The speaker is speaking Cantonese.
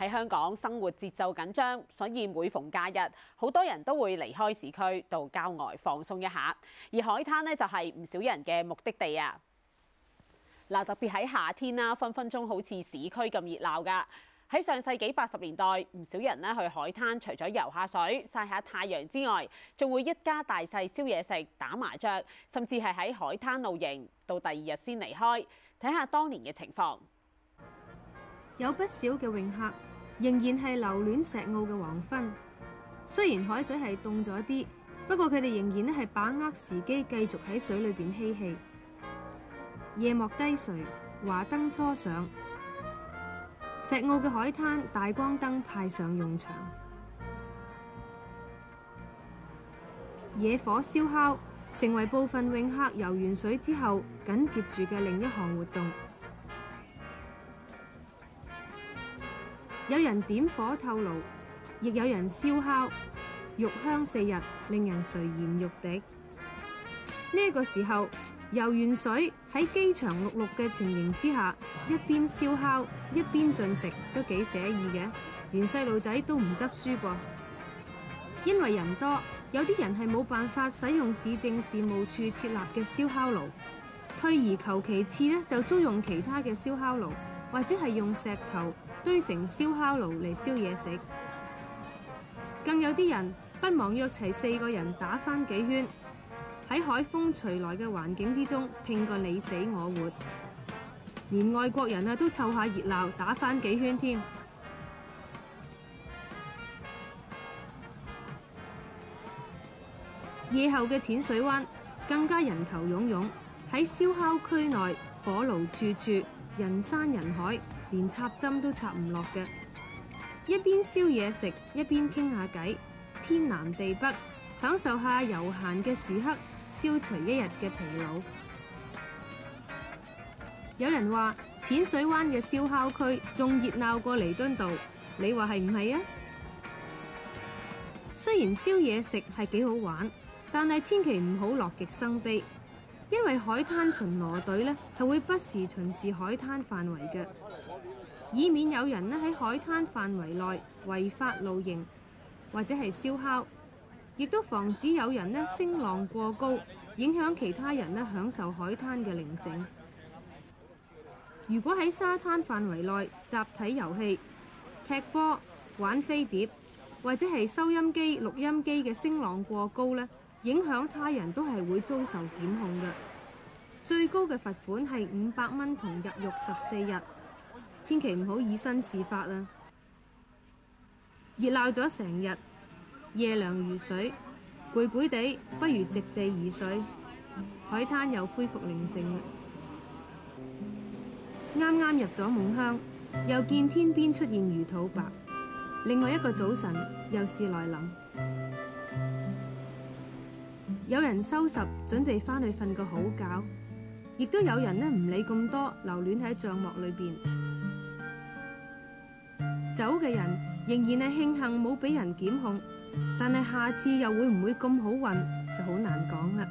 喺香港生活節奏緊張，所以每逢假日，好多人都會離開市區到郊外放鬆一下。而海灘呢，就係唔少人嘅目的地啊！嗱，特別喺夏天啦，分分鐘好似市區咁熱鬧噶。喺上世紀八十年代，唔少人呢去海灘，除咗游下水、曬下太陽之外，仲會一家大細燒嘢食、打麻雀，甚至係喺海灘露營，到第二日先離開。睇下當年嘅情況，有不少嘅泳客。仍然係留戀石澳嘅黃昏，雖然海水係凍咗啲，不過佢哋仍然咧係把握時機繼續喺水裏面嬉戲。夜幕低垂，華燈初上，石澳嘅海灘大光燈派上用場，野火燒烤成為部分泳客游完水之後緊接住嘅另一項活動。有人點火透爐，亦有人燒烤，肉香四溢，令人垂涎欲滴。呢、這個時候游完水喺飢腸轆轆嘅情形之下，一邊燒烤一邊進食都幾寫意嘅，連細路仔都唔執輸噃。因為人多，有啲人係冇辦法使用市政事務處設立嘅燒烤爐，退而求其次呢就租用其他嘅燒烤爐。或者係用石頭堆成燒烤爐嚟燒嘢食，更有啲人不忘約齊四個人打返幾圈，喺海風徐來嘅環境之中拼個你死我活，連外國人啊都湊下熱鬧打返幾圈添。夜後嘅淺水灣更加人頭湧湧，喺燒烤區內火爐處處。人山人海，連插針都插唔落嘅。一邊燒嘢食，一邊傾下偈，天南地北，享受下悠閒嘅時刻，消除一日嘅疲勞。有人話淺水灣嘅燒烤區仲熱鬧過彌敦道，你話係唔係啊？雖然燒嘢食係幾好玩，但係千祈唔好樂極生悲。因為海灘巡邏隊咧係會不時巡視海灘範圍嘅，以免有人咧喺海灘範圍內違法露營或者係燒烤，亦都防止有人聲浪過高，影響其他人享受海灘嘅寧靜。如果喺沙灘範圍內集體遊戲、踢波、玩飛碟或者係收音機、錄音機嘅聲浪過高呢影響他人都係會遭受檢控嘅，最高嘅罰款係五百蚊同入獄十四日，千祈唔好以身試法啊！熱鬧咗成日，夜涼如水，攰攰地，不如席地而睡，海灘又恢復寧靜，啱啱入咗夢鄉，又見天邊出現魚肚白。另外一個早晨又，又是來臨。有人收拾，準備翻去瞓個好覺；亦都有人咧唔理咁多，留戀喺帳幕裏邊。走嘅人仍然係慶幸冇俾人檢控，但係下次又會唔會咁好運，就好難講啦。